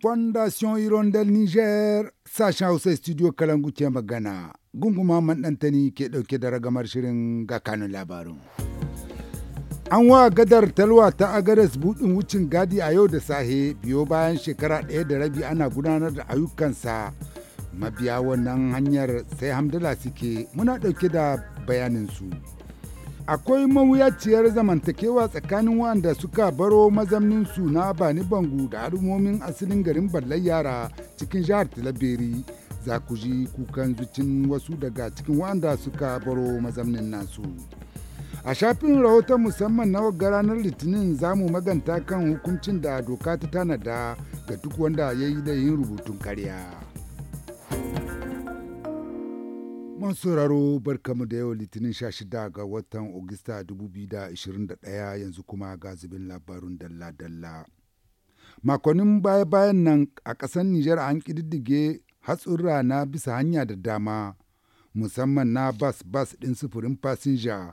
Fondation Hirondelle Niger sashen Hausa studio Kalangu ke magana gunguma ɗantani ke ɗauke da ragamar shirin ga kanun labarin. An wa gadar talwa ta agares buɗin wucin gadi a yau da sahe biyo bayan shekara ɗaya da rabi ana gudanar da ayyukansa mabiya wannan hanyar sai hamdala suke muna ɗauke da bayaninsu. Akwai mawuyaciyar zamantakewa tsakanin waɗanda suka baro mazamninsu na Bani Bangu da al'ummomin asalin garin Ballar Yara cikin jihar Talabiri. Za ku ji kukan zucin wasu daga cikin waɗanda suka baro mazamnin nasu. A shafin rahoton musamman na ranar Litinin za mu maganta kan hukuncin da doka ta tanada ga duk wanda ya yi da yin rubutun karya. Masu sauraro barkamu da yau litinin 16 ga watan Ogista 2021 yanzu kuma ga zubin labarun dalla-dalla. Makonin baya-bayan nan a ƙasar Nijar an ƙididdige hatsun na bisa hanya da dama, musamman na bas-bas ɗin sufurin fasinja,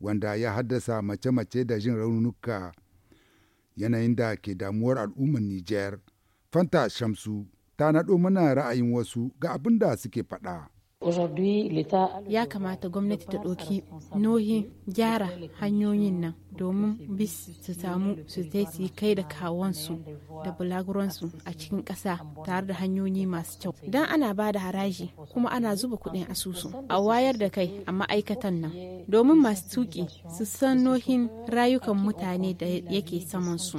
wanda ya haddasa mace-mace da jin raunuka yanayin da ke damuwar al'ummar Nijar. Fanta Shamsu ta naɗo mana ra'ayin wasu ga abin da suke faɗa. Ya kamata gwamnati ta ɗauki nohi gyara hanyoyin nan domin bis su samu su zai su yi kai da kawonsu da bulaguransu a cikin ƙasa tare da hanyoyi masu kyau. Don ana ba da haraji kuma ana zuba kuɗin asusu a wayar da kai a ma'aikatan nan domin masu tuƙi su san nohin rayukan mutane da yake samansu.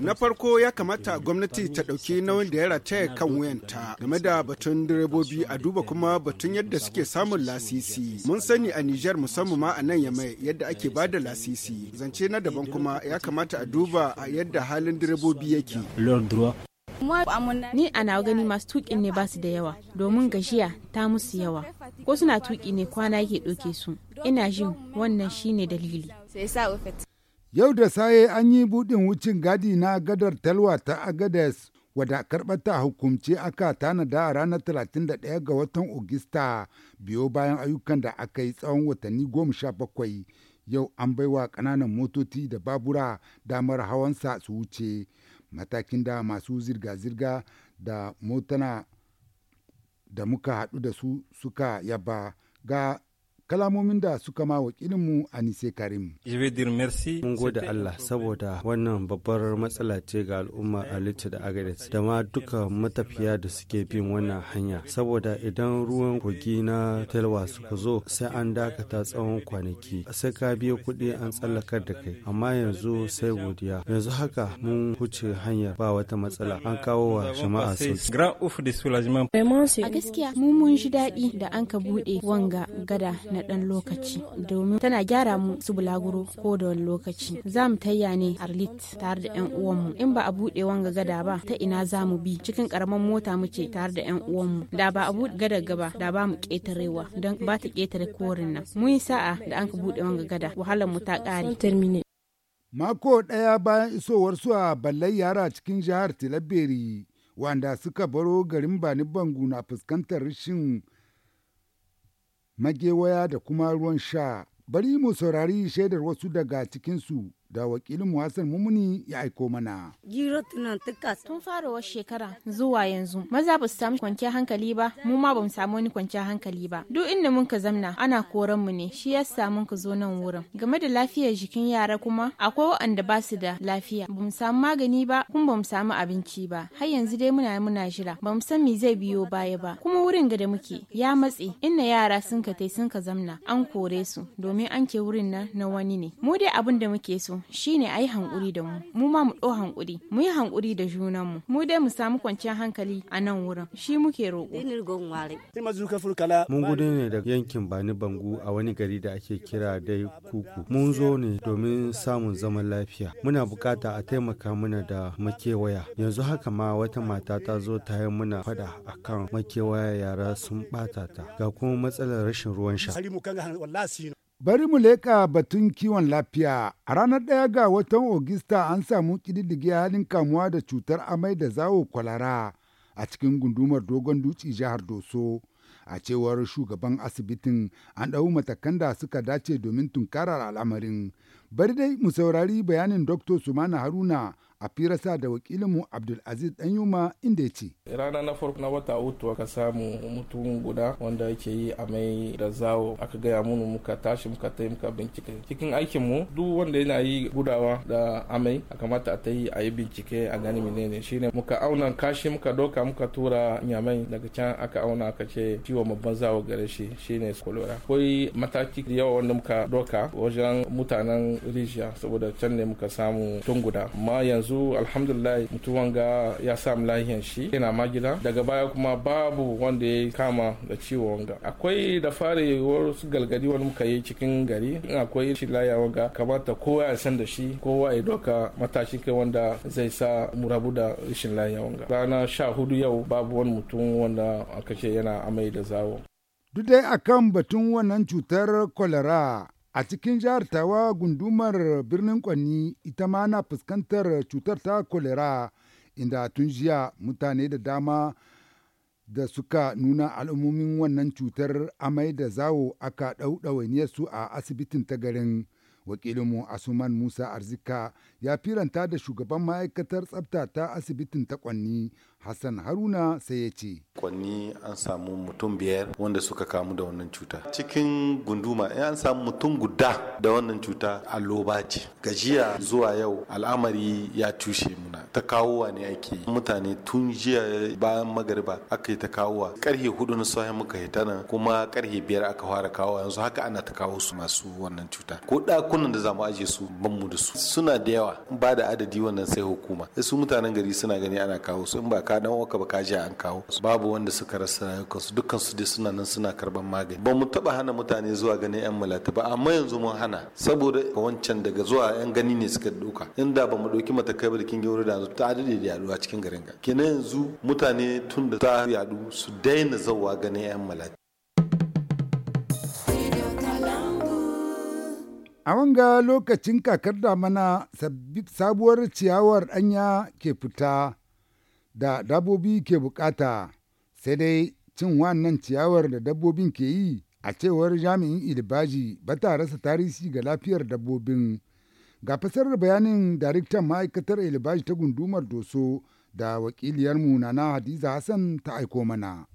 Na farko ya kamata gwamnati ta ɗauki nauyin da ya rataya kan wuyanta game da batun direbobi a duba kuma batun yadda suke samun lasisi. Mun sani a Nijar musamman ma a nan Yamai yadda ake ba da lasisi. Zance na daban kuma ya kamata a duba a yadda halin direbobi yake. Ni ana gani masu tuƙin ne basu da yawa domin gajiya ta musu yawa ko suna tuƙi ne kwana yake ɗauke su ina jin wannan shine dalili. Yau da saye an yi buɗin wucin gadi na gadar Talwa ta Agades wadda karɓar ta hukumce aka tanada a ranar 31 ga watan Ogista biyo bayan ayyukan da aka yi tsawon watanni 17 yau an baiwa ƙananan motoci da babura damar hawansa su wuce matakin da masu zirga-zirga da motana da muka haɗu da su suka yaba ga kalamomin da suka ma wakilinmu Anise Karim. Mun gode Allah saboda wannan babbar matsala ce ga al'umma a Litta da Agadez da ma duka matafiya da suke bin wannan hanya saboda idan ruwan kogi na telwa suka zo sai an dakata tsawon kwanaki sai ka biya kuɗi an tsallakar da kai amma yanzu sai godiya yanzu haka mun huce hanyar ba wata matsala an kawo wa jama'a sauki. A gaskiya mu mun ji daɗi da an ka buɗe wanga gada na ɗan lokaci domin tana gyara mu su bulaguro ko da wani lokaci za mu tayya ne arlit tare da yan uwanmu in ba a buɗe wanga gada ba ta ina za mu bi cikin karamar mota muke tare da yan uwanmu da ba a buɗe gada gaba da ba mu ƙetarewa don ba ta ƙetare korin nan mun yi sa'a da an ka buɗe wanga gada wahalar mu ta ƙare mako ɗaya bayan isowar su a ballai yara cikin jihar tilaberi wanda suka baro garin bani bangu na fuskantar rashin magewaya da kuma ruwan sha. Bari mu saurari shaidar wasu daga cikinsu da wakilin Hassan Mumuni ya aiko mana. Giro Tun farawar shekara zuwa yanzu maza ba su samu kwanciyar hankali ba mu ma ba mu samu wani kwanciyar hankali ba. Duk inda mun ka zamna ana koran mu ne shi yasa mun ka zo nan wurin. Game da lafiyar jikin yara kuma akwai waɗanda ba su da lafiya ba mu samu magani ba kuma ba mu samu abinci ba. Har yanzu dai muna muna jira ba mu san me zai biyo baya ba. Kuma wurin ga da muke ya matse inna yara sun ka tai sun ka zamna an kore su domin an ke wurin nan na wani ne. Mu dai abin da muke so shine a yi hankuri da mu mu ma mu ɗo hankuri mu yi hankuri da junanmu mu dai mu samu kwanciyar hankali a nan wurin shi muke roƙo. mun gudu ne da yankin bani bangu a wani gari da ake kira dai kuku mun zo ne domin samun zaman lafiya muna bukata a taimaka mana da makewaya yanzu haka ma wata mata ta zo ta yi muna fada akan makewaya yara sun bata ta ga kuma matsalar rashin ruwan sha Bari mu leƙa batun kiwon lafiya. A ranar ɗaya ga watan Ogista an samu ƙididdige halin kamuwa da cutar amai da zawo kwalara a cikin gundumar Dogon Dutse jihar Doso. A cewar shugaban asibitin an ɗau matakan da suka dace domin tunkarar al'amarin. Bari dai mu saurari bayanin Dr. Sumana Haruna a firasa da wakilinmu abdulaziz dan yuma inda ya ce rana na farko na wata uku aka samu mutum guda wanda yake yi a mai da zawo aka gaya munu muka tashi muka tai muka bincike cikin aikinmu duk wanda yana yi gudawa da amai a kamata a ta yi a yi bincike a gani menene shine muka auna kashi muka doka muka tura nyamai daga can aka auna aka ce ciwon babban zawo gare shi shine kolora. akwai mataki da yawa wanda muka doka wajen mutanen rijiya saboda can ne muka samu tun guda amma yanzu yanzu alhamdulillah mutum wanga ya samu lahiyan shi yana ma gida daga baya kuma babu wanda ya kama da ciwo wanga akwai da fare wasu galgadi wani muka yi cikin gari in akwai shi laya wanga kamata kowa ya san da shi kowa ya doka matashi kai wanda zai sa mu rabu da rashin laya wanga rana sha hudu yau babu wani mutum wanda aka ce yana amai da zawo duk dai akan batun wannan cutar kwalara A cikin jihar Tawa gundumar birnin Kwanni ita ma na fuskantar cutar ta kolera inda tun jiya mutane da dama da suka nuna al'ummomin wannan cutar amai da zawo aka ɗauɗawainiyar su a asibitin ta garin wakilinmu Asuman Musa Arzika ya firanta da shugaban ma'aikatar tsafta ta asibitin ta Kwanni Hassan Haruna sai ya ce. Kwanni an samu mutum biyar wanda suka kamu da wannan cuta. Cikin gunduma in an samu mutum guda da wannan cuta a ce. Gajiya zuwa yau al'amari ya tushe muna. Ta kawowa ne ake Mutane tun jiya bayan magariba aka yi ta kawowa. Karhe hudu na sahi muka hita nan kuma karhe biyar aka fara kawowa. yanzu haka ana ta kawo su masu wannan cuta. Ko ɗakunan da za mu aje su ban mu da su. Suna da yawa ba da adadi wannan sai hukuma su mutanen gari suna gani ana kawo su in ba ka dan waka ba ka ji an kawo babu wanda suka rasa su dukkan su dai suna nan suna karban magani ba mu taba hana mutane zuwa ganin yan malata ba amma yanzu mun hana saboda wancan daga zuwa yan gani ne suka doka inda ba mu dauki matakai ba da kin gauri da ta dade da yaduwa cikin garin ga kenan yanzu mutane tun da ta yadu su daina zawa ganin yan malata A wanga lokacin kakar mana sabuwar ciyawar anya ke fita da dabobi ke bukata, sai dai cin wannan ciyawar da dabbobin ke yi a cewar jami'in ilbaji ba ta rasa tarihi ga lafiyar dabbobin. Ga fasarar bayanin daraktan ma'aikatar ilbaji ta gundumar Doso da wakiliyarmu Nana Hadiza Hassan ta aiko mana.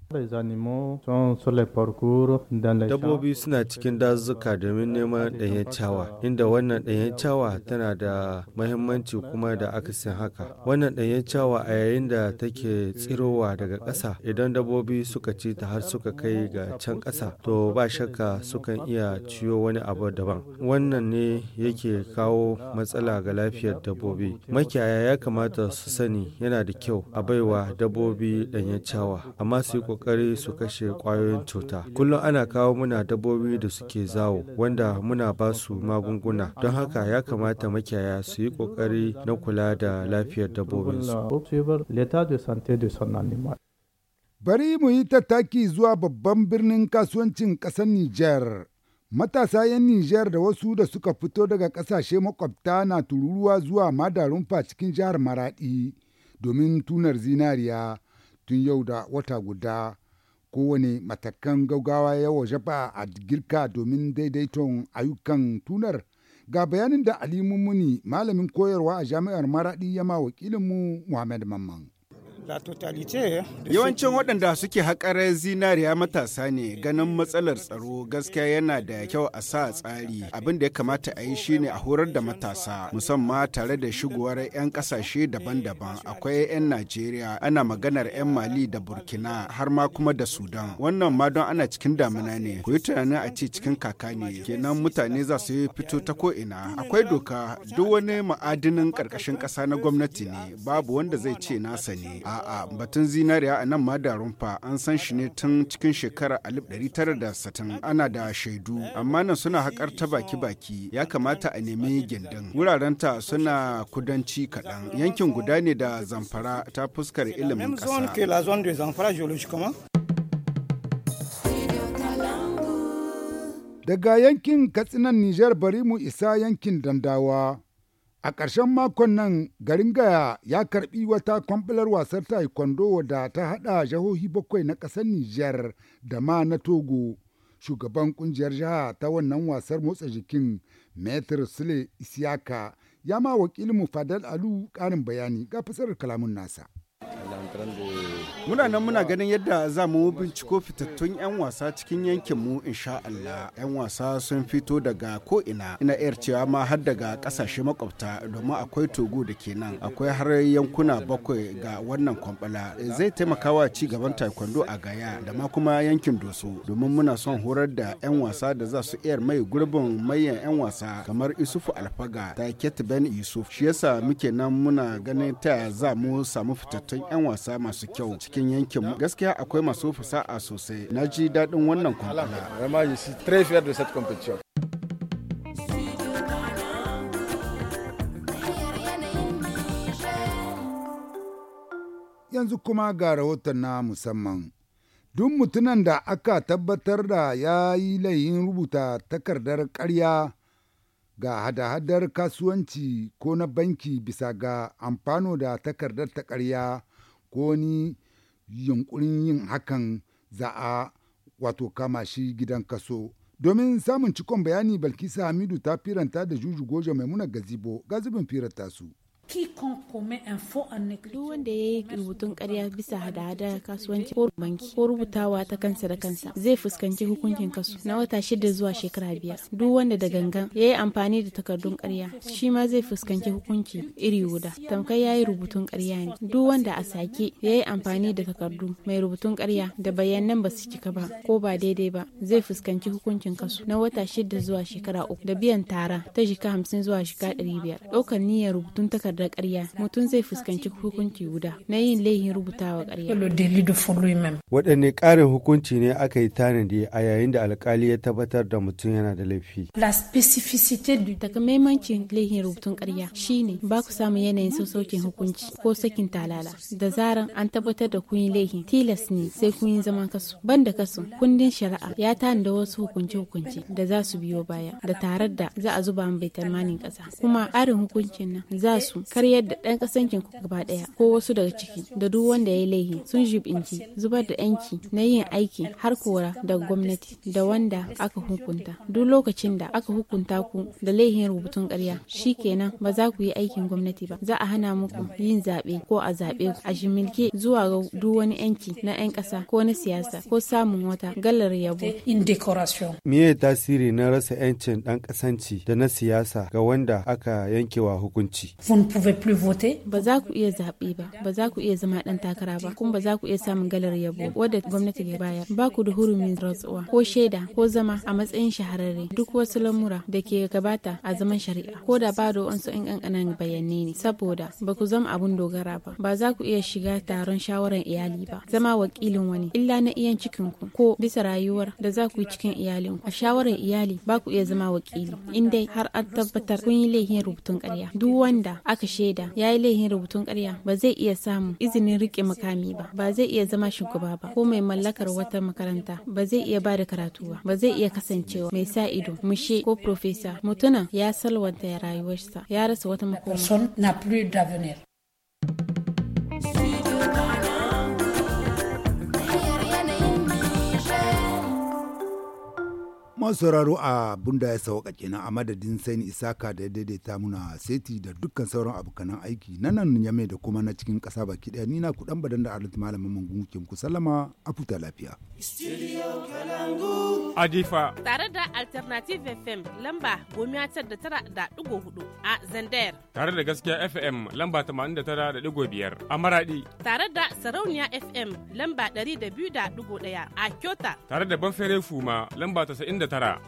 Dabbobi suna cikin dazuka domin neman ɗanyen cawa, inda wannan ɗanyen cawa tana da mahimmanci kuma da akasin haka. Wannan ɗanyen cawa a yayin da take tsirowa daga ƙasa, idan dabbobi suka ci ta har suka kai ga can ƙasa, to ba shakka sukan iya ciyo wani abu daban. Wannan ne yake kawo matsala ga lafiyar dabbobi. Makiyaya ya kamata su sani yana da kyau a baiwa dabbobi ɗanyen cawa, amma su yi kokari su kashe kwayoyin cuta kullum ana kawo muna dabbobi da suke zawo wanda muna ba su magunguna don haka ya kamata makiyaya su yi kokari na kula da lafiyar dabbobinsu bari mu yi tattaki zuwa babban birnin kasuwancin ƙasar Nijar. Matasa 'yan Nijar da wasu da suka fito daga ƙasashe makwabta na tururuwa zuwa madarunfa cikin jihar Maraɗi domin tunar zinariya tun yau da wata guda kowane matakan gaugawa ya waje ba a girka domin daidaiton ayyukan tunar ga bayanin da alimun muni malamin koyarwa a jami'ar Maradi ma wakilinmu Muhammad Mamman. Yawancin waɗanda suke haƙar zinariya matasa ne ganin matsalar tsaro gaskiya yana da kyau a sa tsari abin da ya kamata a yi shine a horar da matasa musamman tare da shigowar 'yan ƙasashe daban-daban akwai 'yan Najeriya ana maganar 'yan Mali da Burkina har ma kuma da Sudan wannan ma don ana cikin damina ne ku yi tunanin a ce cikin kaka ne kenan mutane za su yi fito ta ko'ina akwai doka duk wani ma'adinin ƙarƙashin ƙasa na gwamnati ne babu wanda zai ce nasa ne a A'a batun zinariya a nan ma da rumfa an san shi ne tun cikin shekarar 1960 ana da shaidu amma nan suna haƙar ta baki-baki ya kamata a nemi gindin. Wurarenta suna kudanci kaɗan yankin guda ne da zamfara ta fuskar ilimin ƙasa. Daga yankin katsinan Nijar bari mu isa yankin dandawa. A ƙarshen makon nan garin Gaya ya karɓi wata kwamfular wasar taekwondo da ta haɗa jihohi bakwai na ƙasar Nijar da ma na Togo. Shugaban ƙungiyar jiha ta wannan wasar motsa jikin Metro Sule Isiaka ya ma wakilin mu Fadal Alu ƙarin bayani ga fasarar kalamun nasa. Muna nan muna ganin yadda za mu binciko fitattun 'yan wasa cikin yankinmu insha Allah. 'Yan wasa sun fito daga ko'ina, ina yar cewa ma har daga kasashe makwabta domin akwai Togo da ke nan, akwai har yankuna bakwai ga wannan kwambala. Zai taimaka wa ci gaban taekwondo a Gaya da ma kuma yankin Doso domin muna son horar da 'yan wasa da za su iya mai gurbin mayan 'yan wasa kamar Isufu Alfaga da Ben Yusuf. Shi yasa muke nan muna ganin ta za mu samu fitattun 'yan wasa masu kyau cikin cikin yankin gaskiya akwai masu fasa'a sosai na ji daɗin wannan kwamfala yanzu kuma ga rahoton na musamman duk mutumin da aka tabbatar da ya yi layin rubuta takardar karya ga hada-hadar kasuwanci ko na banki bisa ga amfano da takardar ta karya ko ni yunkurin yin hakan za a wato kama shi gidan kaso. Domin samun cikon bayani Balkisa Hamidu ta firanta da Juju Goja Maimuna Gazibo, gazibin firanta su. Duk wanda ya yi rubutun karya bisa hada-hada kasuwanci ko banki ko rubutawa ta kansa da kansa zai fuskanci hukuncin kasu na wata shida zuwa shekara biyar. Duk wanda da gangan ya yi amfani da takardun karya shi ma zai fuskanci hukunci iri guda. Tamkai ya yi rubutun karya ne. Duk wanda a sake ya yi amfani da takardu mai rubutun karya da bayanan ba su cika ba ko ba daidai ba zai fuskanci hukuncin kasu na wata shida zuwa shekara uku da biyan tara ta shika hamsin zuwa shika ɗari biyar. Ɗaukar niyyar rubutun takardu da ƙarya mutum zai fuskanci hukunci guda na yin laihin rubutawa ƙarya. Waɗanne ƙarin hukunci ne aka yi tanadi a yayin da alkali ya tabbatar da mutum yana da laifi. maimancin laihin rubutun ƙarya shine ba ku samu yanayin sassaucin hukunci ko sakin talala da zaran an tabbatar da kun yi laihin tilas ne sai kun yi zaman kasu ban da kasu kundin shari'a ya tanada wasu hukunce-hukunce da za su biyo baya da tare da za a zuba mai tamanin ƙasa kuma ƙarin hukuncin nan za su karyar da ɗan kasancin ku gaba ɗaya ko wasu daga ciki da duk wanda ya yi laihi sun jibinci zubar da yanki na yin aiki har kora daga gwamnati da wanda aka hukunta duk lokacin da aka hukunta ku da laihin rubutun ƙarya kenan ba za ku yi aikin gwamnati ba za a hana muku yin zaɓe ko a zaɓe a shimilke zuwa ga duk wani yanki na 'yan ƙasa ko na siyasa ko samun wata galar yabo. Miye tasiri na rasa 'yancin ɗan ƙasanci da na siyasa ga wanda aka yankewa hukunci? Ba za ku iya zaɓe ba, ba za ku iya zama ɗan takara ba, kuma ba za ku iya samun galar yabo wadda gwamnati ke bayar. Ba ku da hurumin rantsuwa ko shaida ko zama a matsayin shahararre duk wasu lamura da ke gabata a zaman shari'a ko da ba da wasu in ƙanƙanan bayanai ne saboda ba ku zama abun dogara ba, ba za ku iya shiga taron shawarar iyali ba, zama wakilin wani illa na iyan cikin ku ko bisa rayuwar da za ku yi cikin iyalin ku. A shawarar iyali ba ku iya zama wakili in dai har an tabbatar kun yi laifin rubutun ƙarya duk wanda aka shaida ya yi laihin rubutun karya ba zai iya samun izinin rike makami ba ba zai iya zama shugaba ba ko mai mallakar wata makaranta ba zai iya ba da karatu ba ba zai iya kasancewa mai sa ido mushe ko profesa mutunan ya salwanta rayuwarsa ya rasa wata makoma sauraro a bunda ya sauka kenan a madadin sani isaka da ya daidaita muna seti da dukkan sauran abokanan aiki na nan yame da kuma na cikin kasa baki daya ni na kuɗan badan da arziki malamin mangun ke muku sallama a futa lafiya. Adifa. Tare da Alternative FM lamba gomiya tar da tara da digo hudu a Zandayar. Tare da gaskiya FM lamba tamanin da tara da digo biyar a maradi Tare da Sarauniya FM lamba dari da biyu da digo daya a Kyota. Tare da Banfere Fuma lamba tasa'in da tara.